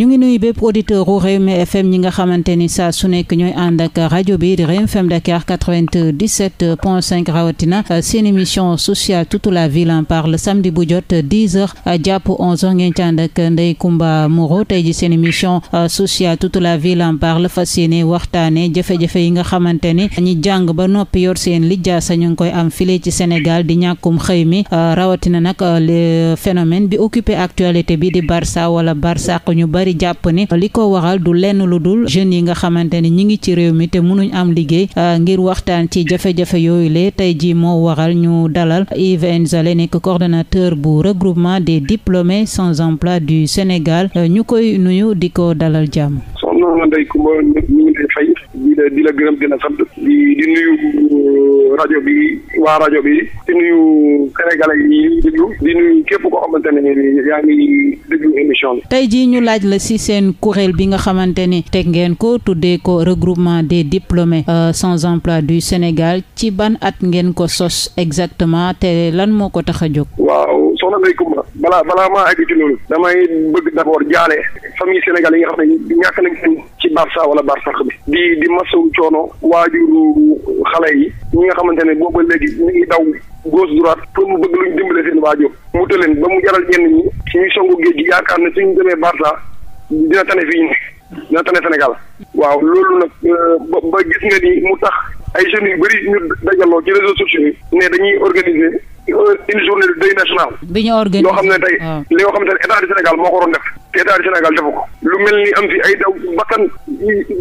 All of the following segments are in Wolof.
ñu ngi nuyu bépp auditeur u Rewmi FM ñi nga xamante ni saa su nekk ñooy ànd ak rajo bi di Rewmi FM Dakar 97 point 5 rawatina seen mission sociale toute la ville en parle samedi bu jot 10 heures jàpp 11 heures ngeen ci ànd ak Ndeye Comba tey ji seen mission sociale toute la ville en parle fas yéene waxtaane jafe yi nga xamante ni ñi jàng ba noppi yor seen lijjaasa ñu ngi koy am file ci Sénégal di ñàkkum xëy mi rawatina nag le phénomène bi occupé actualité bi di Barça wala Barsaq ñu bari bëri jàpp ni li ko waxal du lenn lu dul jeunes yi nga xamante ni ñi ngi ci réew mi te mënuñ am liggéey euh, ngir waxtaan ci jafe-jafe yooyu lee tey ji moo waral ñu dalal Yves Nzale nekk coordonnateur bu regroupement des diplômés sans emploi du Sénégal euh, ñu koy nuyu di ko dalal jàmm soxna Ndeye Comba ñu ngi lay fay di la di la gërëm di la sant di euh, rajo bi waa rajo bi di nuyu sénégalais yi déglu di nuyu képp koo xamante yaa ngi déglu émission bi. tey jii ñu laaj la si seen kuréel bi nga xamante ni teg ngeen ko tuddee ko regroupement des diplômés euh, sans emploi du Sénégal ci ban at ngeen ko sos exactement te lan moo ko tax a jóg. waaw. soxna Ndeye Comba balaa balaa maa àgg ci loolu damay bëgg d'abord jaale famille sénégalais yi nga xam ne ñàkk nañ seen ci Barça wala Barsax bi di di masawu coono waajuru xale yi ñi nga xamante ne boobu léegi ñu ngi daw gauche droite pour mu bëgg luñ dimbale seen waajur mu tëleen ba mu jaral ñenn ñi ñuy songu géej gi yaakaar ne suñu demee Barça dina tane fii dina tane Sénégal waaw loolu nag euh, ba gis nga ni mu tax. ay jeunes yu bëri ñu dajaloo ci réseaux sociaux yi ne dañuy organiser une journée de deuil national. bi ñu organisé loo xam ne tey. li nga xamante ne état moo ko waroon def. te état du Sénégal ko. lu mel ni am fi ay daw bakkan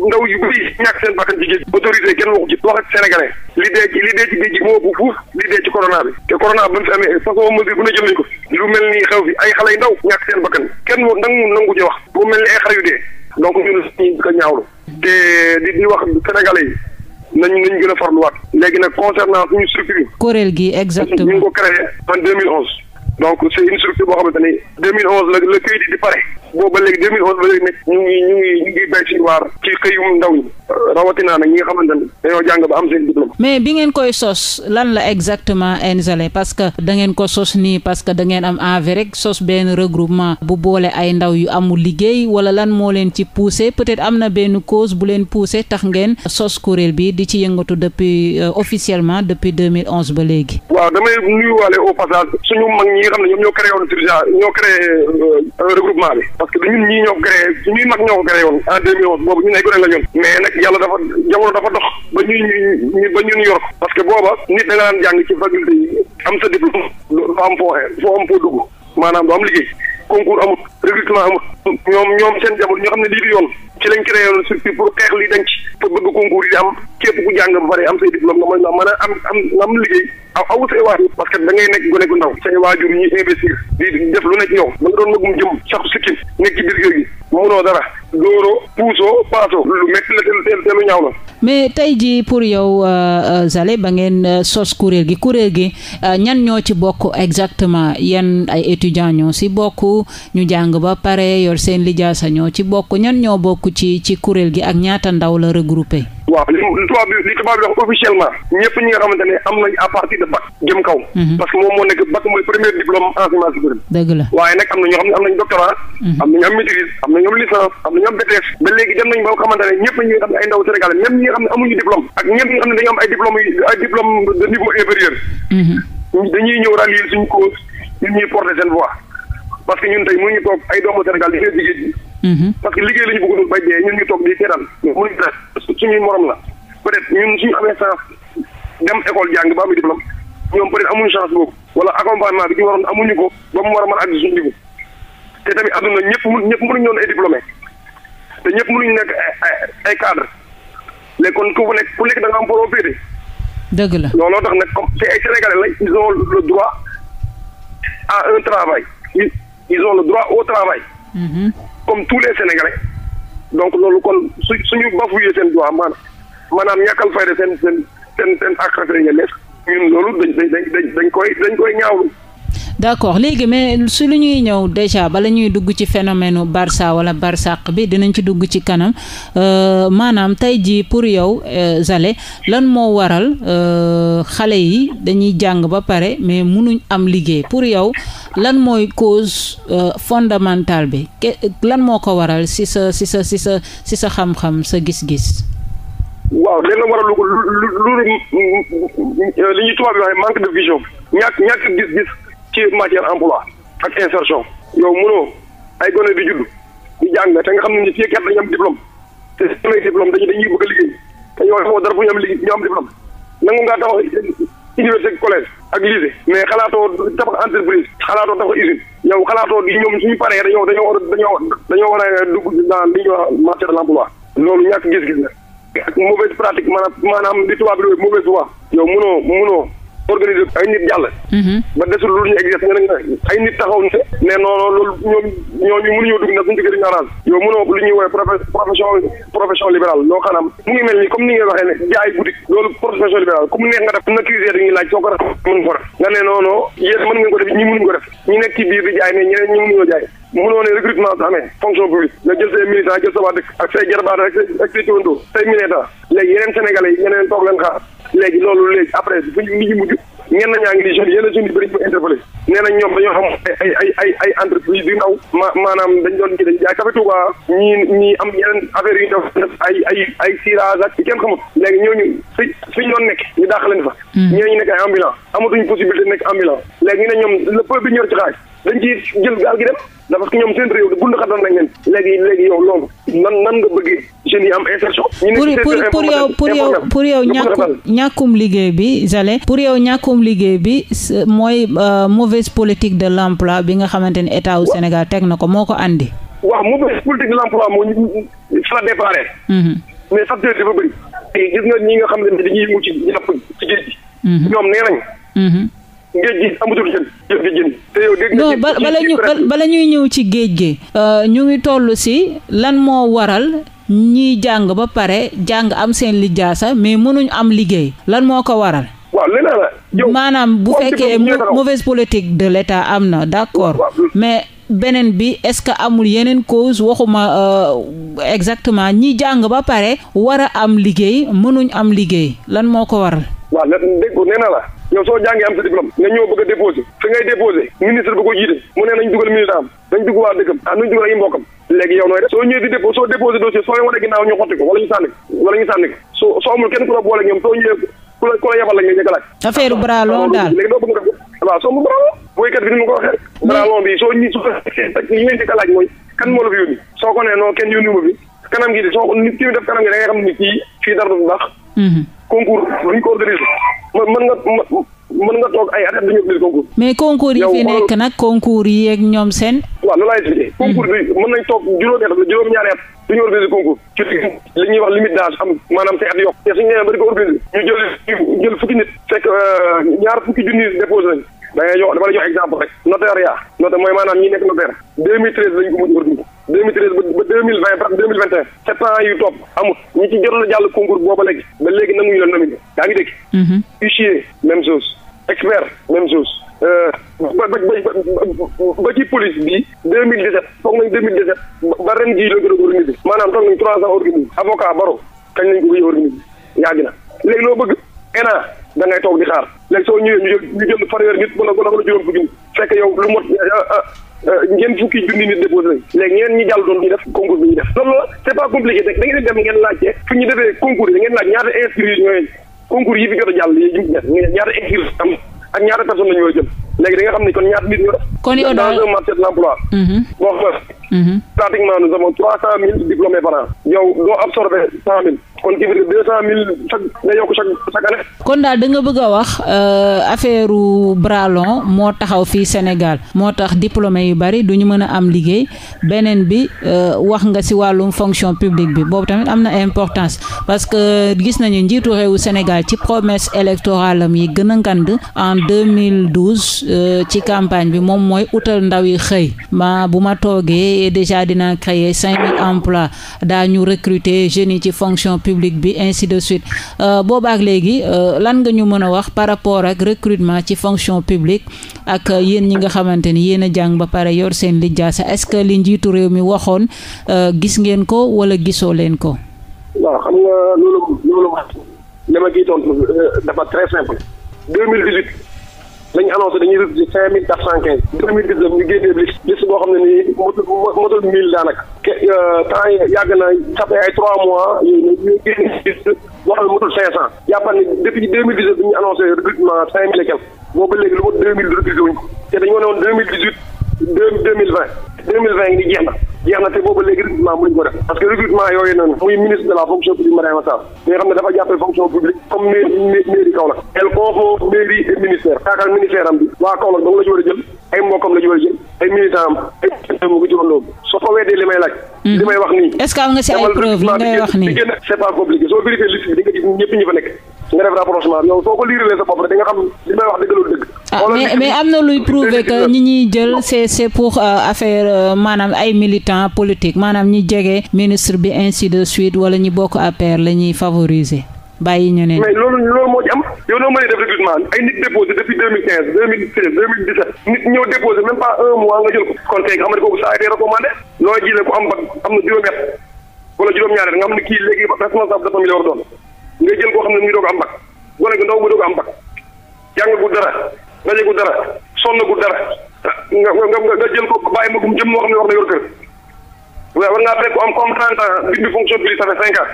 ndaw yu bëri ñàkk seen bakkan ci géej. autorité kenn waxu ci wax ak sénégalais. li moo ëpp fuuf li dee ci te corona bi mu amee façon mesure bu ko. lu mel ni xew fi ay xale yu ndaw. ñàkk seen bakkan kenn moo nangu nangu ci wax. bu mel ni ay xale yu dee. donc ñun ñu ko ñaawlu. te di wax sénégalais yi. nañ nañ gën a farluwaat léegi nag concernant suñu structure. kuréel gi exactement ñu ngi ko créé en 2011. donc c' est une structure boo xamante ni 2011 la la kayit di pare. boobu ba léegi deux mille onze ba léegi nag ñu ngi ñu ngi ñu ngi béy suñu waar ci xëyum ndaw ñi rawatinaa nag ñi nga dañoo jàng ba am seen mais bi ngeen koy sos lan la exactement Enzale parce que da ngeen ko sos nii parce que da ngeen am envie rek sos benn regroupement bu boole ay ndaw yu amul liggéey wala lan moo leen ci poussé peut-être am na benn cause bu leen poussé tax ngeen sos kuréel bi di ci yëngatu depuis euh, officiellement depuis 2011 ba léegi. waaw damay nuyuwaale au passage suñu mag parce que ñun ñii ñoo ko créé suñuy mag ñoo ko créé woon en 2011 boobu ñun ay gone la ñoon mais nag yàlla dafa jamono dafa dox ba ñuy ñu ba ñun yor parce que booba nit da nga daan jàng ci faculté yi am sa diplôme du am foo xee foo am foo dugg maanaam du am liggéey concours amul recrutement amul ñoom ñoom seen jamono ñoo xam ne lii du yoon ci lañ créé woon structure pour xeex li dañ ci bëgg concours yi am képp ku jàng ba pare am say diplôme nga mën a mën a am am nga am liggéey aw awu say waajur parce que da nekk gone gu ndaw say waajur ñuy investir di def lu nekk ñëw ba nga doon magum jëm sax sikkin nekk ci biir kër gi munoo dara dóoroo puusoo paasoo lu métti la teel teel lu la mais tey jii pour yow euh, euh, Zale ba ngeen euh, sos kuréel gi kuréel gi ñan ñoo ci bokk exactement yan ay étudiants ñoo si bokk ñu jàng ba pare yor seen lijaasa ñoo ci bokk ñan ñoo bokk bokk ci ci kuréel gi ak ñaata ndaw la regroupé. waaw li li tubaab bi li tubaab bi wax officiellement ñëpp ñi nga xamante ne am nañ à partir de bac jëm kaw. Mhm. parce que moom moo nekk bac mooy premier diplôme enseignement supérieur. dëgg la waaye nag am na ñoo xam ne am nañ doctorat. Mhm. am nañu am maîtrise am nañu am licence am nañu am BTS. ba léegi dem nañ ba nga xamante ne xam ne ay ndaw Sénégal même ñi xam ne amuñu diplôme ak ñëpp ñi xam ne dañu am ay diplôme Mm-hmm. parce que liggéey la ñu bëgg bay dee ñun ñu toog di seetaan mënuñu dara suñuy morom la peut être ñun suñu amee chance dem école jàng ba am diplôme ñoom peut être amuñu chance boobu wala accompagnement amuñu ko ba mu war a mën a àgg suñu diggu te tamit àdduna ñëpp mun ñëpp mënuñu ñoon ay diplômé te ñëpp mënuñu nekk ay cadre léegi ku nekk ku nekk da nga am borom féete dëgg la looloo tax nag comme te ay sénégalais la ils ont le droit à un travail ils ont le droit au travail. Mm-hmm. comme tous les sénégalais donc loolu kon su suñu bafouillé seen droit maanaam maanaam ñàkkal fayda seen seen seen seen ak seen ñun loolu dañ dañ dañ dañ koy dañ koy ñaawlu. d' accord léegi mais su lu ñuy ñëw déjà bala ñuy dugg ci phénomène u Barça wala Barsaq bi dinañ ci dugg ci kanam maanaam tey jii pour yow Zale lan moo waral xale yi dañuy jàng ba pare mais munuñ am liggéey pour yow lan mooy cause fondamentale bi lan moo ko waral si sa si sa si sa si sa xam-xam sa gis-gis. waaw lenn waral lu lu lu li ñuy tubaab yi waxee manque de vision ñàkk ñàkk gis-gis. ci matière emploi ak insertion yow mënoo ay gone bi judd di jàng te nga xam ne ni fii kat dañu am diplôme te su ñu diplôme dañuy dañuy bëgg a liggéey te yow xamoo ak lycée mais xalaatoo tabax entreprise xalaatoo tabax usine yow xalaatoo di ñoom suñu paree dañoo dañoo war a dañoo dañoo war a dugg dans li loolu ñàkk gis-gis la ak mauvaise pratique maanaam di li tubaab bi mauvaise foi yow mënoo mënoo organiser ay nit jàll. Mhm. ba desul lu ñu exercer ñu ne ay nit taxaw ne ñoom ñooñu mënuñoo dugg nag suñu duggee ko def mën nekk ci biir di jaay ne ñeneen ñi mënuñoo jaay mënoo ne recrutement su amee fonction publique nga jël say militants jël sa dëkk ak say jarbaat ak say ak say turandoo say militants yeneen sénégalais yeneen toog leen xaar léegi loolu léegi après bu ñu ñu mujj ñenn ñaa ngi di jeunes yenn jeunes yi bëri ñu ñoom dañoo ay ay ay entreprise yu ndaw ma maanaam dañ doon ci dañ jaay café Touba ñii ñii am yeneen affaire yu def ay ay ay cirage ak kenn xamut léegi ñooñu fi fi ñu doon nekk ñu daax leen fa hmm. ñooñu nekk ay ambulant amatuñ possibilité nekk ambulant léegi ñu ne ñoom le peu bi ñor ci xaaj dañ ciy jël gaal gi dem da parce ñoom seen réew bund xatal nañ leen léegi léegi yow loolu nan nan nga bëggee jeunes am insertion. ñu yow pour yow pour yow ñàkkum liggéey bi Zale. pour yow ñàkkum liggéey bi mooy euh, mauvaise politique de l'emploi bi nga xamante ni état Sénégal teg na ko moo ko andi. waaw mauvaise politique de l'emploi moo ñu fa déparé. Mhm. mais facteur dafa bëri. gis nga ñi nga xam ne dañuy yëngu ci jàpp ci géej mhm. ñoom nee nañ. Mhm. géej bala ñuy ñëw ci géej gi euh, ñu ngi toll si lan moo waral ñiy jàng ba pare jàng am seen lijaasa mais mënuñ am liggéey lan moo ko waral maanaam bu fekkee mauvaise politique de l'État am na d'accord mais beneen bi est-ce que amul yeneen cause waxuma euh, exactement ñi jàng ba pare war a am liggéey mënuñ am liggéey lan moo ko waral yow soo jàngee am sa diplôme nga ñëw bëgg a fi ngay déposé ministre bu ko jiite mu ne nañ dugal ministre am nañ dugg waa dëkkam ah nañ dugal ay mbokkam léegi yow nooy def soo ñëwee di déposé soo déposé dossier soo leen wane ginnaaw ñu xotti ko wala ko wala ñu sànni ko soo soo kenn ku la boole ñoom soo ñëwee ku la yabal la nga njëkk a laaj affaire bras soo mu bras long boykat bi ni mu ko waxee bras bi soo ñi su li mooy kan moo fi yónni soo concours bu ñu ko organisé mën nga mën nga toog ay at du ñu organisé concours. mais concours yi fi nekk nag concours yi ak ñoom seen. waaw loolu laa expliqué. Hmm. concours toog juróomi at juróom-ñaari at du ñu organisé concours. ci li ñuy wax limite daal am maanaam say at yokk. te suñu nee ba di ko organisé ñu jël fukki nit. fekk euh, ñaar fukki junni déposé nañ da jox dama jox exemple rek. notariat. notaire mooy maanaam ñi nekk notaire. 2013 lañ ko mujj organisé. 2013 ba 2020 ba 2021 sept ans yu topp amul ñi ci jotoon a jàll concours booba léegi ba léegi nanguñu leen nominé yaa ngi dégg. Mm-hmm. huissier même chose expert même chose. Euh, ba ba ci police bi 2017 foog nañ 2017 ba ren jii la gën a maanaam toog nañ trois ans organisé avocat baro kañ lañ ko bëgg a organisé na léegi loo bëgg ENA da ngay toog di xaar léegi soo ñëwee ñu jël ñu jël fanweer nit fekk yow lu mot. Euh, euh, ngeen euh, fukki junni nit déposé léegi ñeneen ñi jàll doon ñu def concours bi ñu def pas compliqué rek da ngeen dem ngeen laajte fu ñu defee concours yi laaj ñaata inscrits ñooy concours yi fi jot a jàll yi jum def ñaata inscrits am ak ñaata personne la ñu a nga xam ne kon ñaata nit ñoo def kon yow l'emploi mhm. boo xam mhm. pratiquement nous avons trois cent mille diplômés par an yow doo absorbé cent mille kon ci biir daal da nga bëgg a wax euh, affaire bras long moo taxaw fii Sénégal moo tax diplômé yu bari du ñu mën a am liggéey beneen bi euh, wax nga si wàllum fonction publique bi boobu tamit am na importance parce que gis nañu njiitu réewu Sénégal ci promesse électorale am yi gën a ngand en 2012 euh, ci campagne bi moom mooy utal ndaw yi xëy ma bu ma toogee déjà dina créer cinq mille emplois daa ñu recruter jeunes yi ci fonction publique publique bi ainsi de suite euh, boobaak léegi euh, lan nga ñu mën a wax par rapport ak recrutement ci fonction publique ak euh, yéen ñi nga xamante ni yéen a jàng ba pare yor seen lijjaasa est-ce que li njiitu réew mi waxoon gis ngeen ko wala gisoo leen ko. waaw xam nga loolu loolu li ma ciy tontu dafa très simple. 2018. lañu annoncé dañuy réduire cinq mille quatre cent quinze deux mille dix neuf ñu génnee liste liste boo xam ne nii motul motul mille daanaka ke euh, temps yàgg na sapee ay trois mois yooyu ne ñu génne liste boo xam ne motul cinq cent jàppal ne depuis deux mille dix neuf bi recrutement cinq mille et quelque boobu léegi deux mille recruté wuñ ko te dañoo ne woon deux mille dix deux deux mille vingt deux mille vingt nii jeex na jeex na te boobu léegi recrutement mënuñu ko def parce que recrutement yooyu noonu muy ministre de la fonction publique Mariama Sarr bi nga xam ne dafa jàppee fonction publique comme mairie mairie Kaolack elle confond mairie et ministère kaakaar ministère am bi waa Kaolack dong la ci war a jël ay mbokkam la ci war a jël ay militant am ay moo ko ci woon loolu soo ko weddee li may laaj li mm. may wax nii. est-ce que am nga si ay preuve li ngay wax nii. Ah, mais am na luy prouver que ñi ñuy jël c'est c'est pour euh, affaire euh, maanaam ay militants politiques maanaam ñi jege ministre bi ainsi de suite wala ñi bokk APR la ñuy favoriser bàyyi ñu yow noo mënee def recrutement ay nit déposé depuis deux mille quinze deux mille seize deux mille dix sept nit ñëw déposé même pas un mois nga jël ko kon tey nga xam ne kooku ça a été recommandé loo jëlee ku am ba am na juróomi at wala juróom-ñaari at nga xam ne kii léegi responsable de famille la war doon nga jël koo xam ne mu ngi doog am bac wala nga ndaw bu doog am bac jàng gu dara daje gu dara sonn gu dara nga nga nga jël ko bàyyi ma gum jëm moo xam ne wax na yor kër waaye war ngaa fekk ko am comme trente ans bindi fonction publique ça fait cinq ans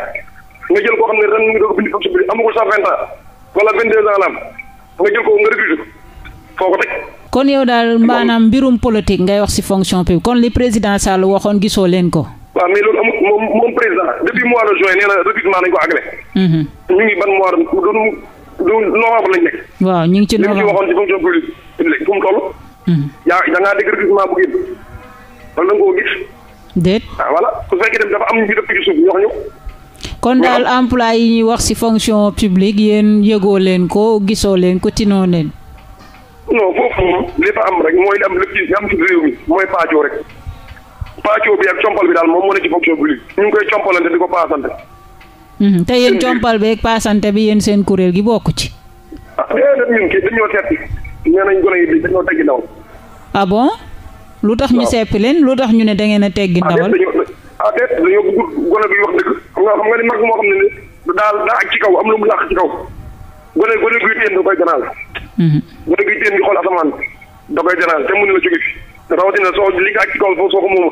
nga jël koo xam ne ren mu ngi doog bindi fonction publique amagul sax vingt ans wala 22 ans la am nga jël ko nga recruté ko foo kon yow daal maanaam mbirum politique ngay wax si fonction publique kon li président Sall waxoon gisoo leen ko. waaw mais loolu amul moom moom président depuis mois de juin ñu ngi ci novembre li ñu waxoon ci fonction publique léegi fu mu toll. Mhm. yaa da ngaa dégg recrutement bu génn wala da koo gis. déet ah voilà su fekkee dem dafa am ñu def suuf ñoo ñu. kon daal emploi yi ñuy wax ci fonction publique yéen yëgoo leen ko gisoo leen ko tinoo leen. moom mooy li rek paacoo bi ak compal bi daal moom moo ne ci fonction publique ñu ngi koy compalante di ko paasante. Mhm. te yéen compal bi ak paasante bi yéen seen kuréel gi bokk ci. ah déedéet ñun ah bon lu tax ñu seppi leen lu tax ñu ne da a teggi ah, ndawal. ah déet dañoo bëgg gone guy wax dëgg xam nga xam nga ni mag moo xam ne ne daal daa ak ci kaw am lu mu làq ci kaw gone guy téen da koy janaal mhm. gone guy téen di xool asamaan da koy janaal te mënu la jóge fi te rawatina soo li nga ak ci kaw soo ko mooma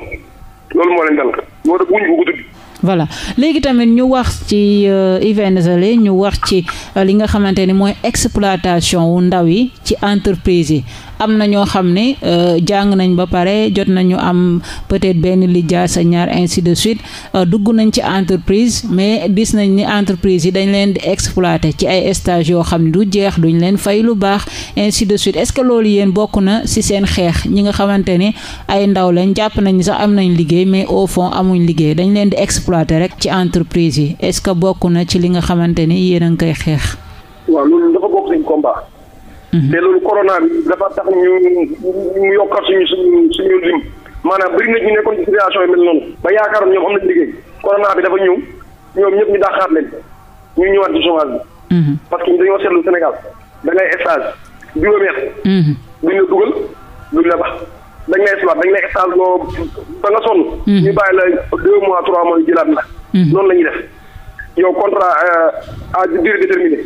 loolu moo leen dal loolu rek wuñ ko tudd voilà léegi tamit ñu wax ci Hivane euh, Sallé ñu wax ci euh, li nga xamante ni mooy exploitation wu ndaw yi ci entreprise yi am na ñoo xam ne euh, jàng nañ ba pare jot nañu am peut-être benn lijaasa ñaar ainsi de suite euh, dugg nañ ci entreprise mais bis nañ ni entreprise yi dañ leen di exploiter ci ay stage yoo xam ne du jeex duñ leen fay lu baax ainsi de suite est-ce que loolu yéen bokk na ci seen xeex ñi nga xamante ne ay ndaw lañ jàpp nañ sax am nañ liggéey mais au fond amuñ liggéey dañ leen di exploiter rek ci entreprise yi est-ce que bokk na ci li nga xamante ni yéen a ngi koy xeex. Mhm. te loolu corona bi dafa tax ñu ñu yokkal suñu suñu suñu lim maanaam bëri na ñu nekkoon ci situation yi mel noonu ba yaakaaroon ñoom am nañu liggéey corona bi dafa ñëw ñoom ñëpp ñu daaxaat leen ñu ñëwaat ci chômage bi. Mhm. parce que dañoo seetlu Sénégal da ngay stage juróomi at. Mhm. duñ la dugal duñ la bax dañ lay exploité dañ lay exploité loo ba nga sonn. ñu bàyyi la deux mois trois mois jëlaat la. noonu la def yow contrat euh, à durée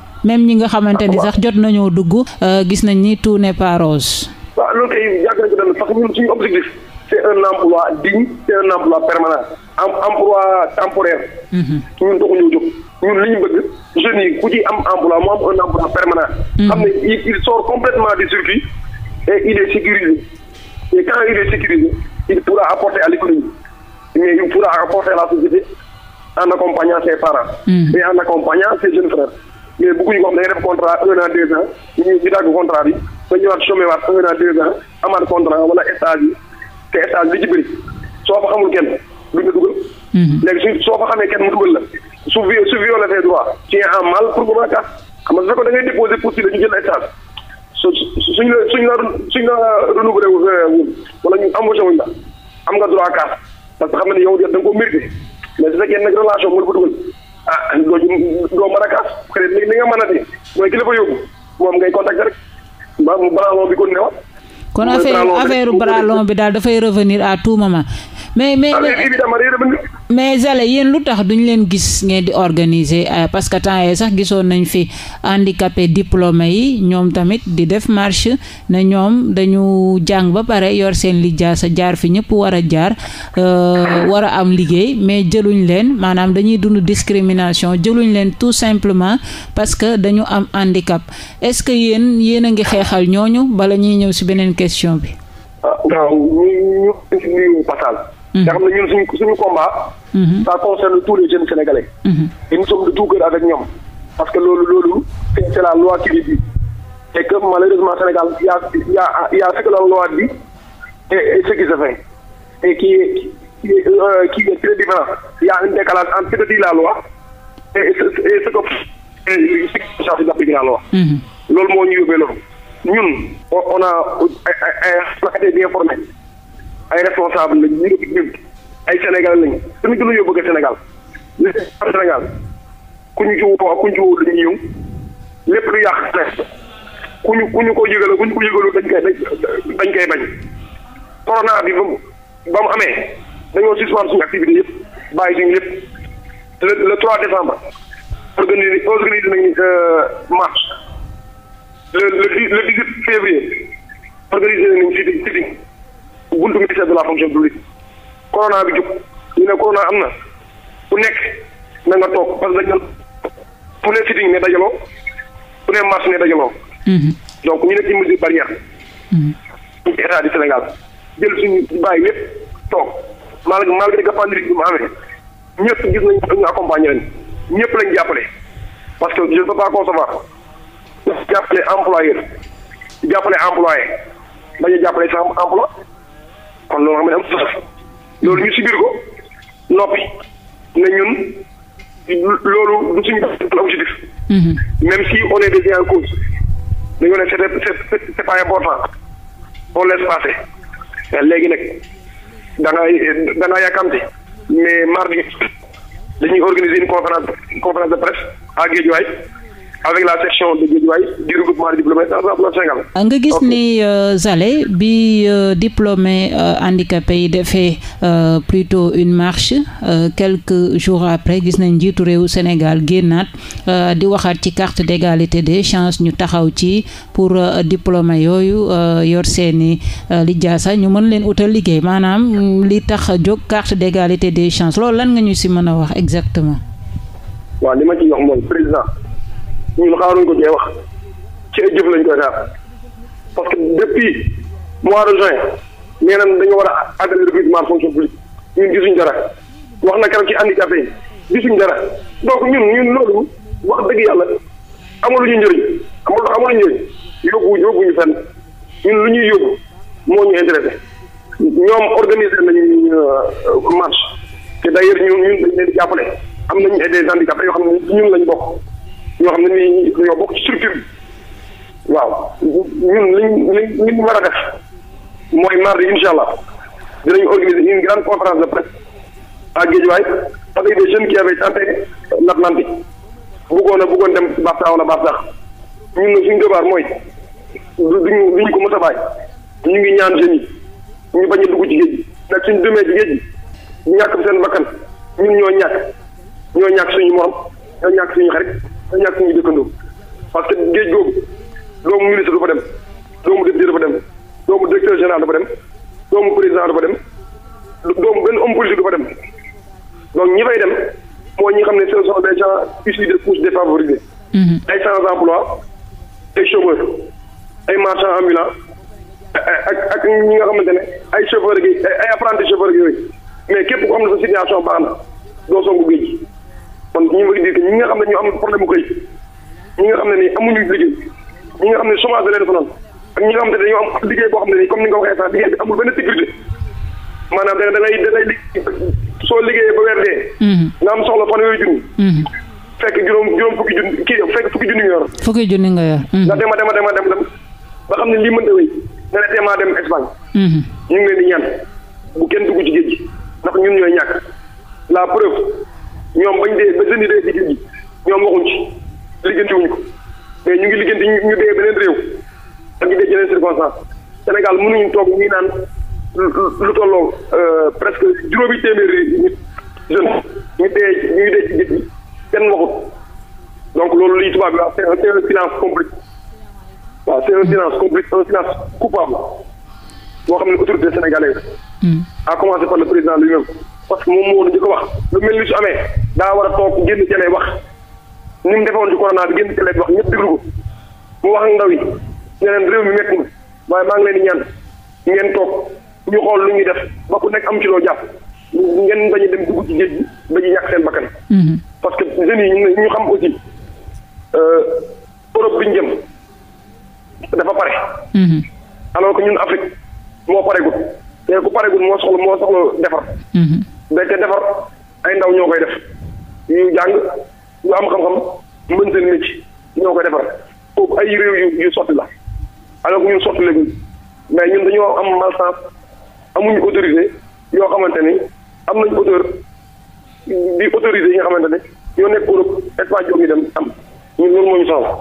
même ñi nga xamante ni ah, sax jot nañoo dugg euh, gis nañ ni tout n'est pas rose. waaw loolu kay yàgg nañ ko dem parce que ñun suñu objectif c'est un emploi digne c'est emploi permanent emploi temporaire. Mhm. ñun doxuñoo jóg ñun li ñu bëgg jeunes yi ku ci am emploi mu am un emploi permanent. Mhm. xam ne il sort complètement du circuit et il est sécurisé et quand il est sécurisé il pourra apporter à l'économie mais il pourra apporter à la société en accompagnant ses parents. Mhm. et en accompagnant mais bëgguñu ko xam da ngay def contrat un an deux ans ñu ñu dagg an deux ans amaat wala stage yi te li ci bëri soo fa xamul kenn duñ la dugal. Mhm. léegi su soo fa xamee kenn mu dugal la su su violé ses droits tu es en mal pour nga mën a kaas xam nga su fekkoon da ngay déposé poursuite la ñu jël stage su suñ la suñ la suñ la renouvelé wu euh, wala ñu embauché wuñ a am nga droit kaas parce que xam nga ne yow da nga ko mérité mais su fekkee nag relation mën ko dugal. ah doo doo mën a kaas xëy na li a di mooy ki la moom ngay contacter rek ba mu bralon bi kon ne wa kon affaire affaire bralon bi daal dafay revenir à tout moment mais mais mais Zale yéen lu tax duñ leen gis ngeen di organiser parce que temps yee sax gisoon nañ fi handicapé diplômé yi ñoom tamit di def marche na ñoom dañu jàng ba pare yor seen lijaasa jaar sa jaar fi ñëpp war a jaar war a am liggéey mais jëluñ leen maanaam dañuy dund discrimination jëluñ leen tout simplement parce que dañu am handicap est-ce que yéen yéen a ngi xeexal ñooñu bala ñuy ñëw si beneen question bi. nga xam ne ñun suñ suñu combat. ça concerne tous les jeunes sénégalais. et nous sommes de tout cœur avec ñoom. parce que loolu loolu c'est a y a y e ce que se fait et qui est qui est, euh, qui est y a un décalage entre ce que dit la loi et et ce et ce que et ce qui charge d'appliquer la loi. loolu moo ñu yóbbee loolu ñun on a on ay responsable lañ ñu ngi ay Sénégal lañ dañu gën a yóbbu bëgg Sénégal li Sénégal ku ñu ci ñu ci woo dañuy lépp lu yàq ku ñu ku ñu ko yëgaloo ku ñu ko yëgaloo dañ koy dañ koy bañ corona bi ba mu amee dañoo suspendre suñu activité yëpp bàyyi suñu yëpp le le 3 décembre organisé organisé nañu euh, marche le le le février organisé nañu sit-in buntu ministère de la fonction publique corona bi jub ñu ne corona am na ku nekk na nga toog parce que dañu ku ne sitting ne dajaloo ku ne marche ne dajaloo. Mhm. donc ñu ne ci mesure barrière. ñu mhm. état du Sénégal jël suñu bàyyi lépp toog malgré malgré que pandémie bi mu amee ñëpp gis nañ ñu accompagner leen ñëpp lañ jàppale parce que je ne peux pas concevoir jàppale employeur jàppale employé bañ a jàppale sa emploi. kon loolu xam ne am loolu ñu subir ko noppi ne ñun loolu du suñu objectif. Mhm. même si on est déjà en cause dañoo ne c'est c'est pas important on laisse passer euh, léegi nag da ngay da nga yàkkamti mais mardi dañuy organiser une conférence de presse à Guédiawaye avec ah, nga gis ni euh, Zale bi euh, diplômé euh, handicapé yi defee plutôt une marche quelque jour après gis nañ njiitu réew Sénégal génnaat di waxaat ci carte d'égalité des chance ñu taxaw ci pour diplômé yooyu yor seeni lijaasa ñu mën leen utal liggéey maanaam mm, li tax jóg carte d'égalité des chances loolu lan nga ñu si mën a wax exactement. ñun xaaruñ ko cee wax ci ay jëf lañ ko xaar parce que depuis mois de juin nee nañ dañu war a àggale recrutement fonction publique ñun gisuñ dara wax na keroog ci handicapé yi gisuñ dara donc ñun ñu loolu wax dëgg yàlla amaluñu njëriñ amalu amaluñu njëriñ yóbbu yóbbuñu fenn ñun lu ñuy yóbbu moo ñu intéressé ñoom organisé nañu euh, marche te d'ailleurs ñun ñun dañ leen di jàppale am nañu ay des handicapés yoo xam ne ñun lañ bokk. ñoo xam ne nii dañoo bokk ci structure bi waaw ñun liñ liñ liñ war a def mooy mardi incha allah dinañ organiser une grande conférence de presse à Guédiawaye avec des jeunes qui avaient tenté l'Atlantique bëggoon a bëggoon dem Barça wala Barsax ñun nag suñu devoir mooy duñu duñu ko mos a bàyyi ñu ngi ñaan jeunes ñu bañ a dugg ci géej gi ndax suñu demee ci géej gi ñàkk seen bakkan ñun ñoo ñàkk ñoo ñàkk suñu morom ñoo ñàkk suñu xarit. te ñàkk muy dëkkandoo parce que géej googu doomu ministre dafa dem doomu député dafa dem doomu directeur général dafa dem doomu président dafa dem doomu benn homme politique dafa dem donc ñi fay dem mooy ñi xam ne ce sont des gens issus des couches défavorisées mhm. ay sans emploi ay chômeurs ay marchands ambulants ak ak ñi nga xamante ne ay chauffeurs gi ay apprentis chauffeurs gi yooyu mais képp ku am na sa situation baax na doo songu géej kon ñu ngi dire que ñi nga xam ne ñu am problème bu xëy ñi nga xam ne nii amuñu liggéey ñi nga xam ne chômage da leen fanaan ak ñi nga xam ne nii da ngay soo liggéeyee ba weer dee. Mhm. nga am soxla fanweeri junni. Mhm. fekk juróom juróom fukki junni kii fekk fukki junni nga yor. nga yor. Mhm. nga dem a dem a dem a dem ba xam ne lii mënta wéy nga ne teemaa dem Espagne. ñu ngi leen di ñaan bu kenn dugg ci géej gi ndax ñooy ñàkk la preuve. ñoom bañ dee ba jëndi dee ci géej gi ñoom waxuñ ci liggéenti wuñ ñu ñu dee beneen réew ak ñu dee yeneen circonstance Sénégal mënuñu toog ñu naan lu tolloo euh, presque juróomi téeméeri nit ñu dee ñu waxut donc loolu li tubaab bi wax c'est un silence complice waaw c'est silence coupable boo xam ne autorité sénégalaise hmm. a commencé par le président lui-même parce que moom moo woon di ko wax lu mel ni su amee daa war a toog génn télé wax ni mu defoon ci corona bi génn télé wax ñëpp déglu ko mu wax ak ndaw yi ne leen réew mi métti waaye maa ngi leen ñaan ngeen toog ñu xool lu ñuy def ba ku nekk am ci loo jàpp ngeen bañ a dem dugg ci géej ba ci ñàkk seen bakkan. Mm-hmm. parce que jeunes yi ñu ñu xam aussi euh, Europe bi ñu dafa pare. Mm-hmm. alors que ñun Afrique moo paregut te ku paregut moo soxla moo soxla defar. Mm-hmm. ndeke defar ay ndaw ñoo koy def ñu jàng ñu am xam-xam mën seen métier ñoo koy defar foofu ay réew yu yu sotti la alors que sotti la mais ñun dañoo am malchance amuñu autorité yoo xamante ni am nañ auteur di autorité yi nga xamante ne ñoo nekk Europe espace joom yi dem am ñun loolu moo ñu soxla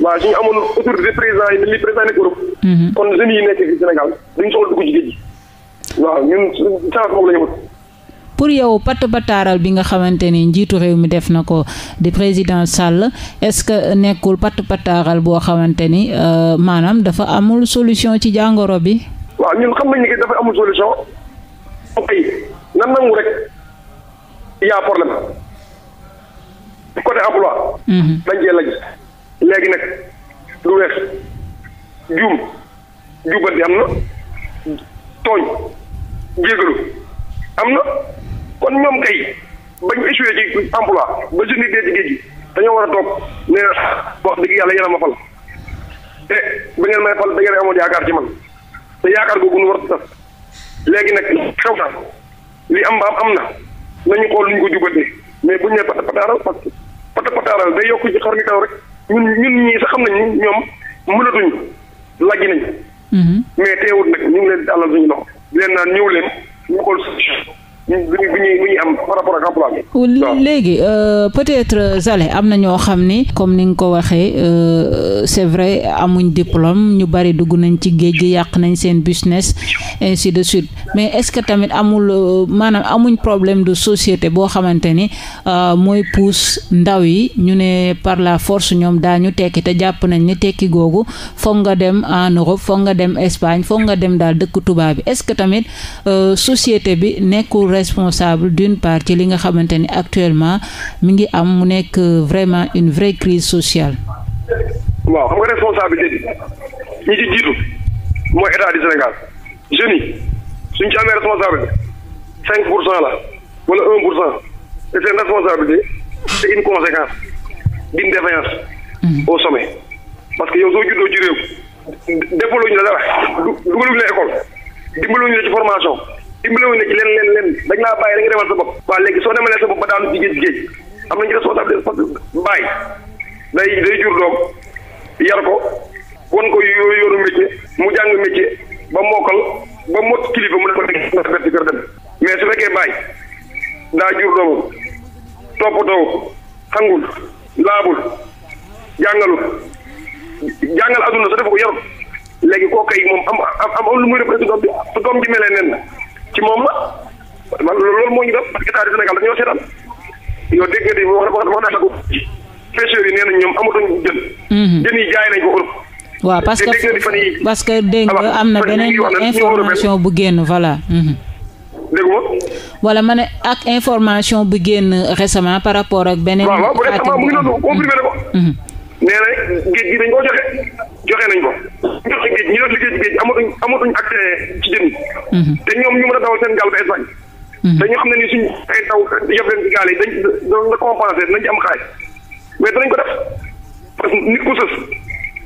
waaw suñu amoon autorité président yi li président mhm. kon jeunes yi nekk Sénégal duñu soxla dugg ci géej waaw ñun chance boobu la ñu wut pour yow pat pataaral bi nga xamante ni njiitu réew mi def na ko di président Sall est-ce que nekkul pat pataaral boo xamante ni euh, maanaam dafa amul solution ci jàngoro bi. waaw ñun xam nañ ni dafa amul solution. ay nan nangu rek y' a problème. côté emploi. Mhm. dañ cee laj léegi nag lu weex juum juubanti am na tooñ jégalu am na. kon ñoom kay bañ échoué ci emploi ba jeunes yi dee ci géej gi dañoo war a toog ne wax dëgg yàlla yéen a fal te ba ngeen may fal da ngeen amoon yaakaar ci man te yaakaar googu nu war a tas léegi nag xew na li am ba am am na nañu xool lu ñu ko jubatee mais buñ ne pata pataaral parce que pata pataaral day yokk ci xar gi kaw rek ñun ñun ñii sax xam nañ ñoom mënatuñ lajj nañ mm-hmm. mais teewut nag ñu ngi leen di àllal suñu loxo di leen naan ñëw leen ñu xool bu ñuy bu léegi euh, peut-être euh, Zale am na ñoo xam ni comme ni nga ko waxee euh, c'est vrai amuñ diplôme ñu bari dugg nañ ci géej gi yàq nañ seen business ainsi de suite mais est-ce que tamit amul maanaam amuñ problème du société boo xamante ni mooy pousse ndaw yi ñu ne par la force ñoom daañu tekki te jàpp nañ ni tekki googu foog nga dem en Europe nga dem Espagne foog nga dem daal dëkk tubaab bi est tamit société bi nekkul responsable d'une part ci li nga xamante ni actuellement mi ngi am mu nekk vraiment une vraie crise sociale. waaw xam nga responsabilité bi ñi ci jiitu mooy état du Sénégal jeunes suñ ci amee responsabilité cinq pour cent la wala un pour cent te seen responsabilité c' est une conséquence d'une défaillance mm-hmm. au sommet parce que yow soo juddoo ci réew déppaloo ñu la dara dugaluñu la école dimbaluñu la ci formation dimbaliwuñ la ci leen leen leen dañ laa bàyyi da nga demal sa bopp waaw soo demalee sa ba daanu ci am nañu responsable parce que bàyyi day ko wan mu jàng métier ci kër dem mais su fekkee bàyyi daa jur doomam toppatoo xangul laabul jàngalul jàngal adduna sa def ko yarut léegi kooku kay moom am am am lu muy représenté doom su doom bi melee nen ci moom la loolu moo ñu def parce que état du Sénégal dañoo seetaan yow dégg nga di wax wax wax naa ko pêcheurs yi nee nañ ñoom amatuñ jën. Mhm. jën yi jaay nañ ko Europe. waaw parce que parce que dégg ah, am na beneen information bu génn voilà. Mhm. dégg nga. wala ma ak information bu génn récemment par rapport ak beneen. waaw mu ngi noonu confirmé na ko. Mhm. nee na géej dañ koo joxe. joxe nañ ko ñu doon liggéey ñu doon liggéey ci géej amatuñ amatuñ accès ci jën mhm. te ñoom ñu mën a dawal seen gaal ba Espagne dañoo mhm. xam ne ni suñ ay taw yóbbu leen ci gaal yi dañ la compensé nañ ci am mais danañ ko def parce que nit ku sës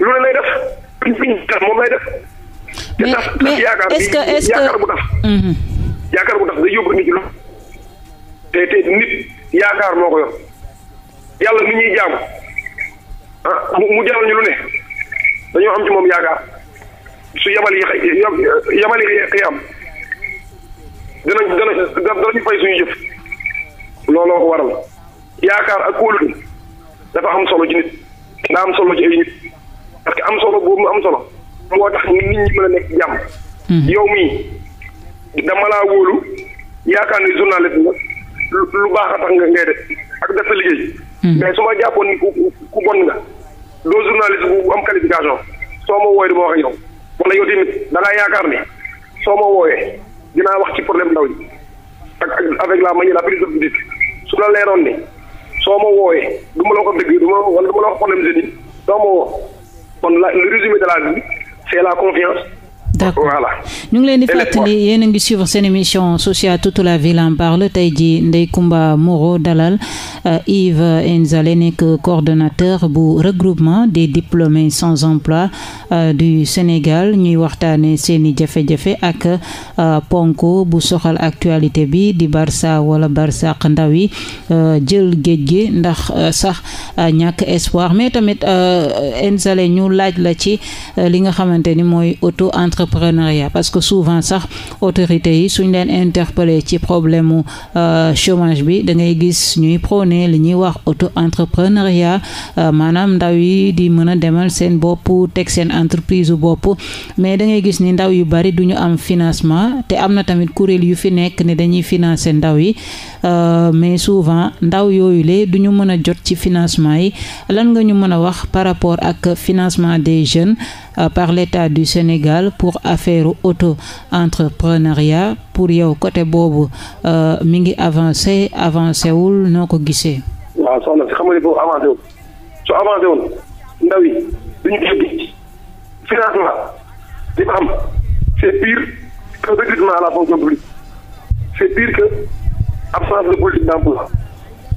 lu ne lay def piñ piñ tax moom lay def te tax yaakaar bi bu tax mhm. yaakaar bu tax day yóbbu nit ci loolu te te nit yaakaar moo ko yor yàlla mi ñuy jaamu ah mu jaaral ñu lu ne dañoo am ci moom yaakaar su yabal yi yabal yi am danañ danañ danañ fay suñu jëf looloo ko waral yaakaar ak kóolute dafa am solo ci nit daa am solo ci ay nit parce que am solo boobu mu am solo moo tax nit ñi mën a nekk jàmm. Hmm. yow mii dama laa wóolu yaakaar ni journaliste la lu baax a tax nga ngay de ak def sa liggéey. Hmm. mais su ma jàppoon ni ku ku bon nga. doo journaliste bu am qualification soo ma wooyee du ma wax ak yow wala yow tamit da ngaa yaakaar ni soo ma wooyee dinaa wax ci problème ndaw yi ak avec la manière la plus opportune su la leeroon ni soo ma wooyee du ma la wax dëgg du ma wala du ma la wax problème jeune yi soo ma woo kon la le résumé de la vie c'est la confiance. d'accord voilà. ñu ngi leen di fàttali yéen a ngi suivre seen émission sociale toute la ville en parle tey jii Ndeye kumba Moreau dalal euh, Yves Nzale nekk coordonnateur bu regroupement des diplômés sans emploi euh, du Sénégal ñuy waxtaane seen i jafe-jafe ak euh, ponko bu soxal actualité bi di Barça wala Barsaq ndaw yi jël géej gi ndax sax ñàkk espoir mais tamit Nzale ñu laaj la ci li nga xamante ni mooy auto entre entrepreneuriat parce que souvent sax autorité yi suñ leen interpellé ci problème mu euh, chômage bi da ngay gis ñuy prôné li ñuy wax auto entrepreneuriat euh, maanaam ndaw yi di mën a demal seen bopp teg seen entreprise u bopp mais da ngay gis ni ndaw yu bari du ñu am financement te am na tamit kuréel yu fi nekk ni dañuy financer ndaw yi euh, mais souvent ndaw yooyu lee du ñu mën a jot ci financement yi lan nga ñu mën a wax par rapport ak financement des jeunes Euh, par l'État du Sénégal pour affaire auto entrepreneuriat pour yow côté boobu euh, mi ngi avancé avancé wul noo ko gisee. waaw soxna si xam nga ni boobu avancé wul su avancé wul financement di ko am c'est pire que recrutement à la fonction publique c'est pire que absence de politique d'emploi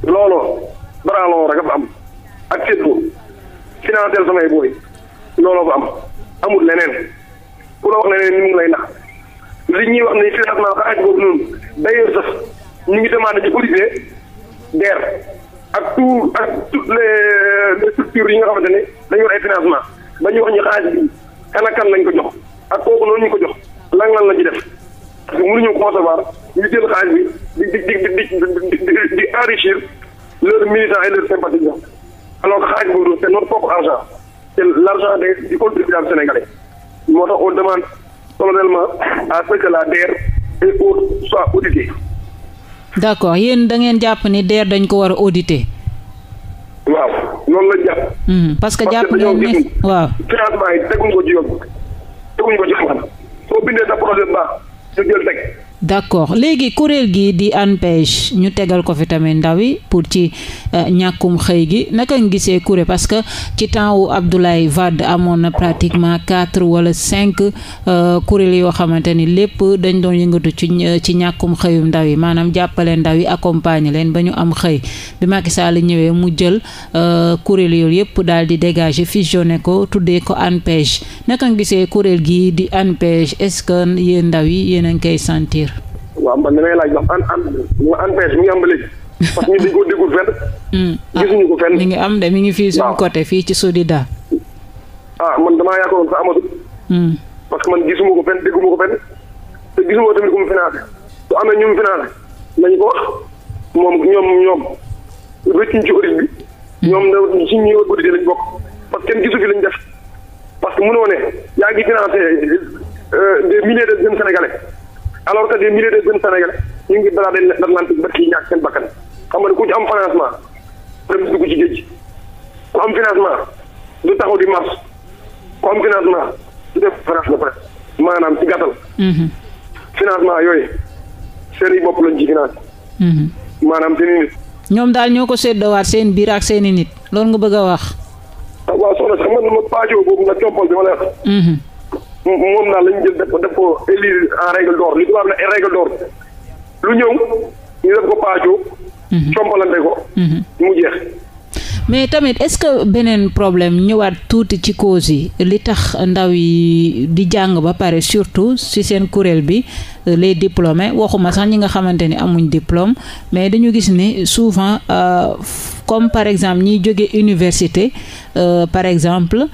looloo baraaloo rek a fa am ak seetlu financé samay booy looloo fa am. amul leneen ku la wax leneen ni mu ngi lay nax li ñuy wax ne financement xaalis boobu noonu d'ailleurs sax ñu ngi demandé ci autorité DER ak tout ak toutes les structures yi nga xamante ne dañu war ay financement ba ñu wax ñu xaalis bi kan lañ ko jox ak kooku noonu ñu ko jox lan lan la ci def parce que mënuñu concevoir ñu jël xaalis bi di di di di di enrichir leurs militants et leurs sympathisants alors que xaalis boobu c'est notre propre argent c'est l'argent des du contribuable sénégalais moo tax on demande solennellement à ce que la DER jàpp ni DER dañ ko war a auditer. waaw loolu la hmm, jàpp. parce que jàpp ngeen ne waaw. financement yi teguñu ko ci yoon teguñu ko ci xam soo bindee sa projet baax ñu jël teg. d' accord léegi kuréel gi di ANPEJ ñu tegal ko fi tamit ndaw yi pour ci euh, ñàkkum xëy gi naka nga gisee kuréel parce que ci temps wu Abdoulaye Wade amoon na pratiquement quatre wala cinq uh, kuréel yoo xamante ni lépp dañ doon yëngatu ci euh, ci ñàkkum xëyum ndaw yi maanaam jàppale ndaw yi accompagner leen ba ñu am xëy bi Macky Sall ñëwee mu jël uh, kuréel yooyu yëpp daal di dégager fusionné ko tuddee ko ANPEJ naka nga gisee kuréel gi di ANPEJ est-ce que yéen ndaw yi yéen a ngi koy sentir. waaw man damay laaj ba an an ANPEJ mu ngi am ba léegi parce que ñu dañu ko déggul fenn. Hmm. gisuñu ko ngi am de mi ngi fii suñu côté fii ci Sodida. ah man damaa yaakaaroon sax hmm. parce que man gisuma ko fenn ko fenn te gisuma tamit ku mu financé su amee ñu mu financé nañu ko wax moom ñoom ñoom rëccuñ ci audit bi. Hmm. ñoom da ci ñi audité lañ bokk parce que kenn gisu fi lañ def parce que mënoo ne yaa ngi financé euh, des milliers de jeunes sénégalais. alors que des milliers de jeunes sénégalais ñu ngi balaa dañ l'Atlantique ba ci ñàkk seen bakkan xam nga ku ci am financement dem dugg ci géej ku am financement du taxaw di marche ku am financement du def France de presse maanaam ci gàttal. Mhm. financement yooyu seen i bopp lañ ci finance. Mhm. maanaam seen i nit. ñoom daal ñoo ko séddowaat seen biir ak seen i nit loolu nga bëgg a wax. Ah, waaw soxna si xam nga nu ma paajoo boobu nga compal bi ma lay wax. Mhm. moom naa lañu jël def ko def ko élire en règle d'or lu ñëw ñu def ko paajo mhm. compalante ko mhm. mu jeex mais tamit est-ce que beneen problème ñëwaat tuuti ci cause yi li tax ndaw yi di jàng ba pare surtout ci seen kuréel bi Euh, les diplômés waxuma sax ñi nga xamante ni amuñ diplôme mais dañu gis ni souvent euh, comme par exemple ñiy jóge université euh, par exemple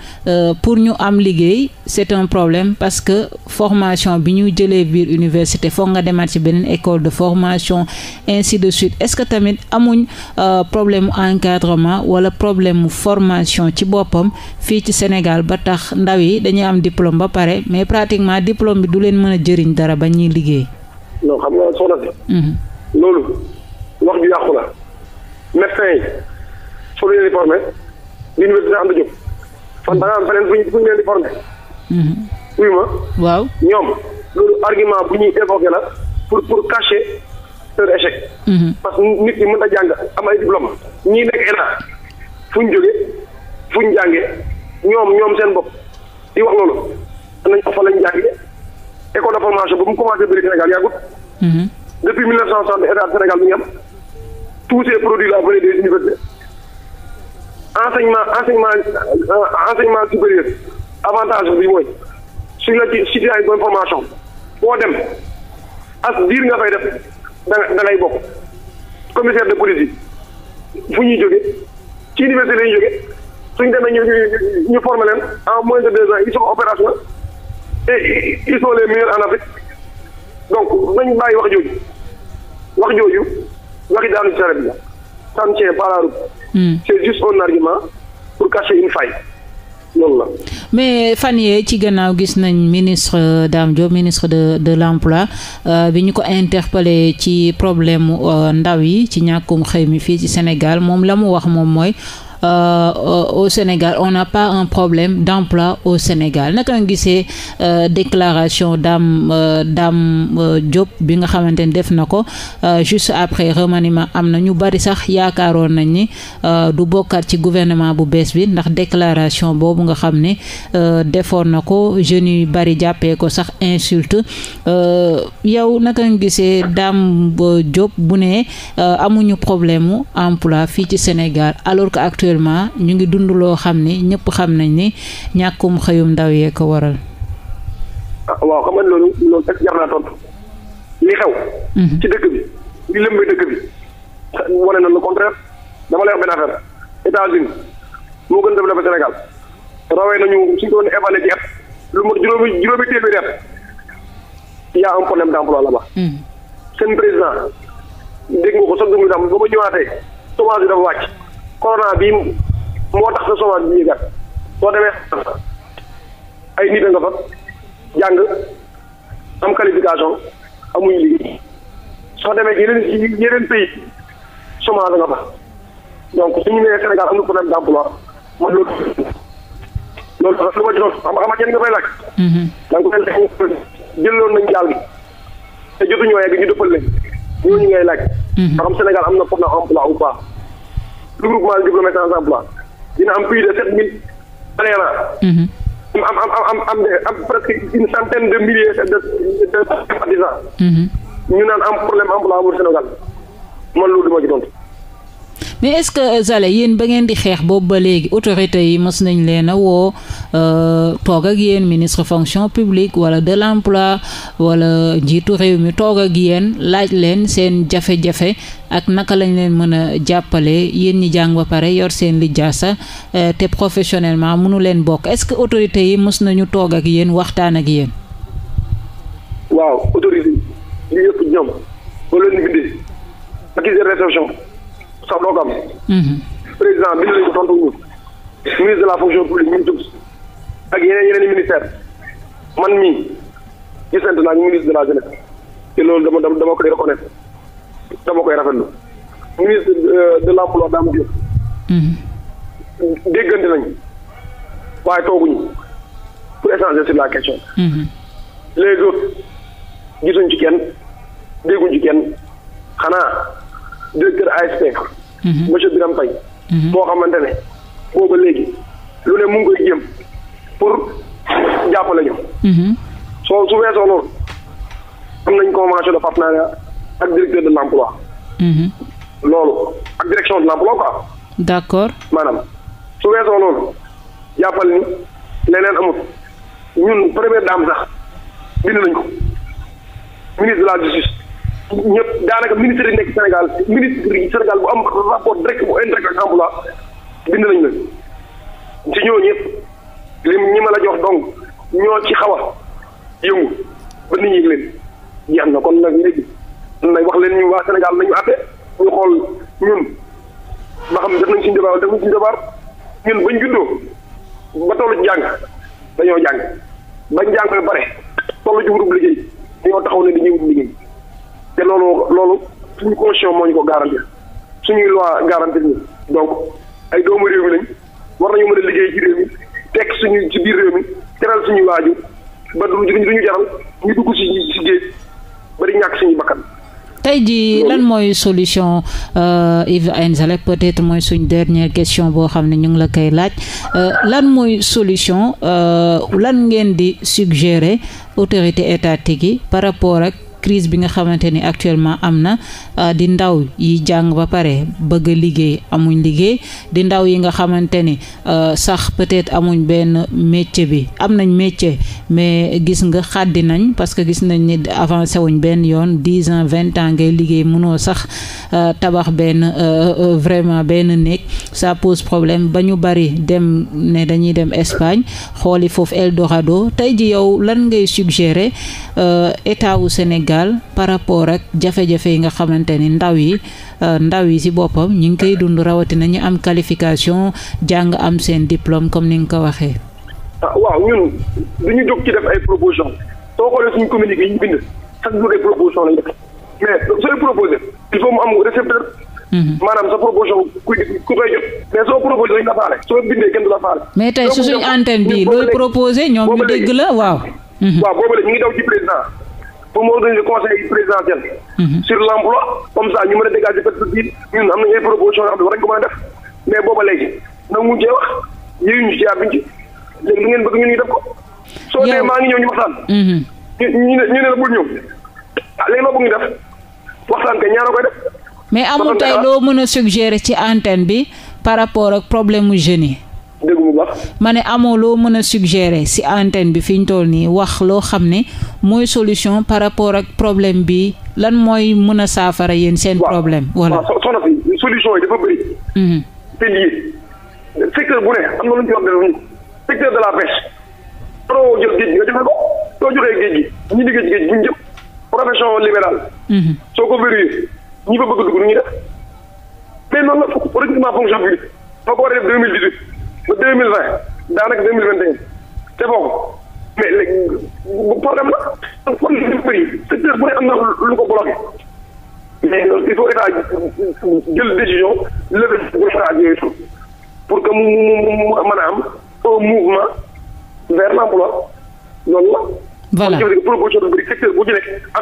pour ñu am liggéey c'est un problème parce que formation bi ñuy jëlee biir université foog nga demaat ci beneen école de formation ainsi de suite est-ce que tamit amuñ problème encadrement wala problème formation ci boppam fii ci Sénégal ba tax ndaw yi dañuy am diplôme ba pare mais pratiquement diplôme bi du leen mën jëriñ liggéey. non xam nga soxna si. Mm-hmm. loolu wax ju yàqu la. médecin yi soo leen di formé l'université Anta Diop fan da nga feneen fu ñu leen di formé. oui mm-hmm. ma. waaw bu ñuy évoqué la pour pour cacher mm-hmm. que mën a jàng am ay diplôme ñii nekk ENA fu ñu jógee fu ñu jàngee ñoom ñoom seen bopp di wax loolu. nañ ko fa lañ jàngee. école de formation ba mu commencé bëri Sénégal yàggut. Mhm. depuis mille neuf cent soixante état Sénégal mi ngi am tous ces produits là venaient des universités enseignement enseignement euh, supérieur avantage bi mooy suñ la ci cité ay bonne formation foo dem as diir nga fay def da da ngay commissaire de police yi fu ñuy jóge ci la ñuy jóge suñ demee ñu ñu ñu en moins de deux ans ils sont opérationnels. et eh, ils sont donc nañ bàyyi wax jooju wax jooju waxi daanu ci saret la ça ne hmm. c'est juste un argument pour cacher une faille. loolu la mais fan yee ci gannaaw gis nañ ministre euh, Dame Diop ministre de de l'emploi euh, bi ñu ko interpellé ci problème euh, ndaw yi ci ñàkkum xëy mi fii ci Sénégal moom la mu wax moom mooy Euh, au Sénégal on n'a pas un problème d'emploi au Sénégal naka nga gisee euh, déclaration Dame euh, Dame Diop bi nga xamante ni def na ko juste après remaniment am na ñu bari sax yaakaaroon nañ ni du bokkaat ci gouvernement bu bees bi ndax déclaration boobu nga xam ne defoon na ko jeunes yu bari jàppee ko sax insulte yow naka nga gisee Dame Diop bu ne amuñu problème mu emploi fii ci Sénégal alors que actuellement ñu ngi dund loo xam ni ñëpp xam nañ ni ñàkkum xëyum ndaw yee ko waral. Ah, waaw xam nga loolu loolu ak jar naa tontu li xew. Mhm. ci dëkk a développé lu mot juróomi juróomi téeméeri at y a problème d'emploi là-bas. Mhm. seen président dégg nga ko sax du muy dam ba ma ñëwaatee chômage bi dafa wàcc. corona bi moo tax sa souvent bi yëgaat soo demee ay nit a nga fa jàng am qualification amuñu liggéey soo demee yeneen yeneen pays chômage a nga fa donc suñu nee Sénégal am na problème d'emploi man loolu loolu dafa lu ma jotoon xam xam ñenn nga fay laaj mhm. da nga ko fay jëloon nañ gaal gi te jotuñoo yegg ñu dëppal leen ñooñu ngay laaj ba mhm. xam Sénégal am na problème emploi ou pas regroupement de diplômés sans emploi dina am plus de sept mille adhérents. am am une centaine de milliers de de sympathisants. ñu naan am problème emploi au Sénégal man loolu duma ci tontu. mais est-ce que Zale yéen ba ngeen di xeex boobu ba léegi autorités yi mës nañ leen a woo euh, toog ak yéen ministre fonction publique wala de l'emploi wala njiitu réew mi toog ak yéen laaj leen seen jafe-jafe ak naka lañ leen mën a jàppale yéen ñi jàng ba pare yor seen lijaasa euh, te professionnellement mënu leen bokk est-ce que autorité yi mës nañu toog ak yéen waxtaan ak yéen. waaw autorité yi yëpp ñoom boo leen bindee accusé réception sax doo ko am. président bi lañ ko tontu wut ministre de la fonction publique ñu jóg ak yeneen yeneen i ministère man mii gisante naa ñu ministre de la jeunesse te loolu dama dama koy reconnaître dama koy rafetlu ministre euh, de l' emploi Dame Diop. déggante nañu waaye tooguñu pour échanger sur la question. Mhm. les autres gisuñ ci kenn dégguñ ci kenn xanaa directeur ASP. Mm-hmm. monsieur Birame Faye boo mm-hmm. xamante ne booba léegi lu ne mu ngi koy jëm pour jàppale ñu mm-hmm. soo su weesoo loolu am nañ convention de ak directeur de l' loolu ak direction de l' emploi quoi d' accord maanaam loolu jàppal ni leneen amut ñun première dame sax bind nañ ko ministre de la justice ñëpp daanaka ministre nekk Sénégal ministre yi Sénégal bu am rapport direct bu indirect ak emploi bind nañ la ci ñoo ñëpp lim ñi ma la jox donc ñoo ci xaw a yëngu ba nit ñi leen jeex na kon nag léegi nañ wax leen ñu waa Sénégal nañu àtte ñu xool ñun ba xam def nañ suñu devoir def nañ suñu devoir ñun bañ juddoo ba tollu jàng dañoo jàng bañ jàng ba pare tollu ci wutub liggéey dañoo taxaw ne dañuy wut liggéey te loolu loolu suñu constitution moo ñu ko garantir suñuy loi garantir ñu donc ay doomu réew mi lañ war nañu mën a liggéey ci réew mi tekk suñu ci biir réew mi teral suñuy waajur ba du duñu jaral ñu dugg si si géej ba ñàkk suñuy bakkan tey jii lan mooy solution euh, Yves Agne Zalec peut-être mooy suñu dernière question boo xam ne ñu ngi la koy laaj euh, lan mooy solution euh, lan ngeen di suggérer autorité étatique yi par rapport rek crise bi nga xamante ni actuellement am na euh, di ndaw yi jàng ba pare bëgg liggéey amuñ liggéey di ndaw yi nga xamante ni euh, sax peut-être amuñ benn métier bi am nañ métier mais gis nga xàddi nañ parce que gis nañ ni avancé wuñ benn yoon dix ans vingt ans ngay liggéey mënoo sax euh, tabax benn vraiment benn néeg ça pose problème ba ñu bari dem ne dañuy dem Espagne xooli foofu Eldorado tey ji yow lan ngay suggérer état wu Sénégal Sénégal par rapport ak jafe-jafe yi nga xamante ni ndaw yi euh, ndaw yi ci boppam ñu ngi koy dund rawatina ñu am qualification jàng am seen diplôme comme ni nga ko waxee. ah waaw ñun du ñu jóg ci def ay proposition soo xoolee suñu communiqué yi il faut mu am récepteur. Mhm. maanaam sa proposition kuy ku koy jot. mais soo proposé soo bindee kenn du la mais tey su suñu antenne bi looy proposé ñoom ñu dégg la waaw. Mhm. waaw boobu ñu ngi daw ci président. ba mu organiser conseil présidentiel. Mhm. sur l' emploi comme ça ñu mën a dégager perspective ñun am nañ ay propositions yoo xam ne war ko mën a def mais booba léegi wax ngeen bëgg ñun ñu def ko. soo maa ngi ñëw ñu waxtaan. Mhm. ñu ñu ne la bul ñëw ah léegi noo bëgg ñu def waxtaan kay ñaar koy def. mais amul tey ah. loo mën a suggérer ci antenne bi par rapport ak problème mu jeunes yi. dégg bu baax. ma ne amoo loo mën a suggérer si antenne bi fi ñu toll nii wax loo xam ne mooy solution par rapport ak problème bi lan mooy mën a saafara yéen seen. problème voilà waaw soxna si mhm. mhm. soo ko verrouillé ñi fa bëgg dugg nu ñuy def. mais noonu la pratiquement fonction publique. moo ko a def deux mille ba deux mille vingt daanaka deux mille vingt et un te boobu mais léegi problème problème bi secteur bu ne am na lu ko bloqué mais que mu mu mu mën a am un mouvement vers l' emploi la. am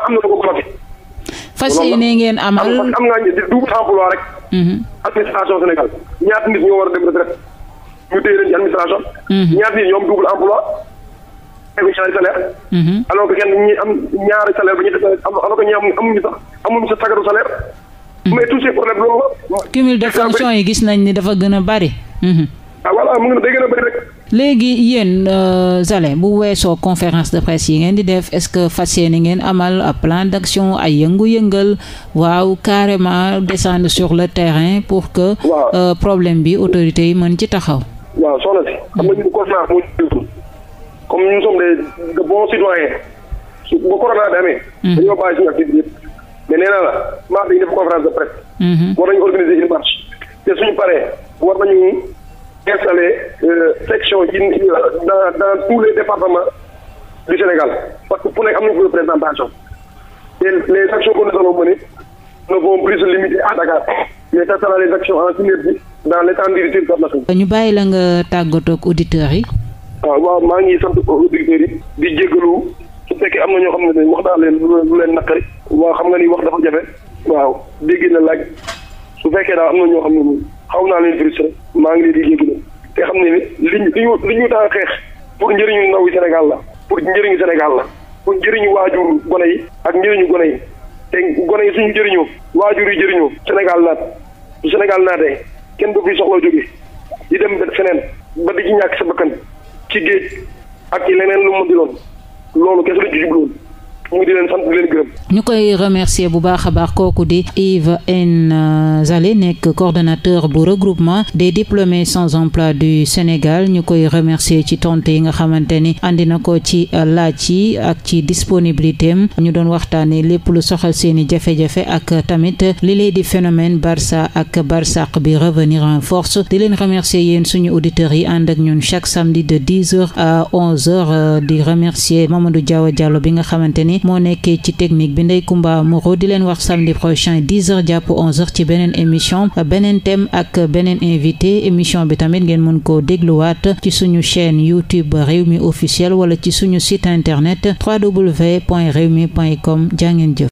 na lu ko bloqué. fas yéene ngeen amal am am naa double emploi rek. administration Sénégal ñaata nit ñu war a dem retraite Mhm. Mhm. ñu téye mhm. de fonction yi gis nañ ni dafa gën a bari. Ah, léegi yéen euh, Zale bu weesoo conférence de presse yi ngeen di def est-ce que fas yéene ngeen amal a plan d'action a yëngu-yëngal waaw carrément descendre sur le terrain pour que. Euh, problème bi autorités yi mën ci taxaw. waaw soxna si. xam nga ñun conférence moo ñu comme ñun sommes des de bons citoyens su ba corona bi amee. Hmm. dañoo bàyyi suñu activité yëpp. mais nee naa la mars dañuy def conférence de presse. Hmm. war nañu organiser une marche. te suñu paree war nañu installer euh, section yi dans dans tous les départements du Sénégal parce que pour nekk am nañu fa représentation. te les actions que nous allons mener ne vont limiter à Dakar. mais ça sera les actions en bi dans l'étendue du territoire ñu bàyyi la nga tàggatoo ak auditeurs yi. Ah, waaw maa ngi sant auditeurs yi di jégalu su fekkee am na ñoo xam ne wax naa leen lu leen naqari waaw xam nga ni wax dafa jafe waaw dégg na laaj su fekkee daal am na ñoo xam ne xaw naa leen frustré maa ngi leen di jégalu te xam ne ni li ñu li ñu daan xeex pour njëriñu ndaw yi Sénégal la pour njëriñu Sénégal la pour njëriñu waajur gone yi ak njëriñu gone yi te gone yi suñu jëriñoo waajur yi jëriñoo Sénégal bu Sénégal naatee kenn du fi soxla jóge di dem ba feneen ba di ci ñàkk sa bakkan ci géej ak yi leneen lu mu mën loolu kese la ci jubluwoon ñu koy remercier bu baax a baax kooku di Yves N euh, Zale nekk coordonnateur bu regroupement des diplômés sans emploi du Sénégal ñu koy remercier ci tontu yi nga xamante ni andi na ko ci laaj ci ak ci disponibilité ñu doon waxtaanee lépp lu soxal seen i jafe-jafe ak tamit li lay di phénomène Barça ak Barsaq bi revenir en force di leen remercier yéen suñu auditeurs yi ànd ak ñun chaque samedi de dix heures à onze heures di remercier Mamadou Diawa Diallo bi nga xamante ni moo nekkee ci technique bi ndey Comba Moreau di leen wax samedi prochain 10h jàpp 11h ci beneen émission beneen thème ak beneen invité émission bi tamit ngeen mën koo dégluwaat ci suñu chaîne YouTube Rewmi officiel wala ci suñu site internet www.rewmi.com jaa ngeen jëf.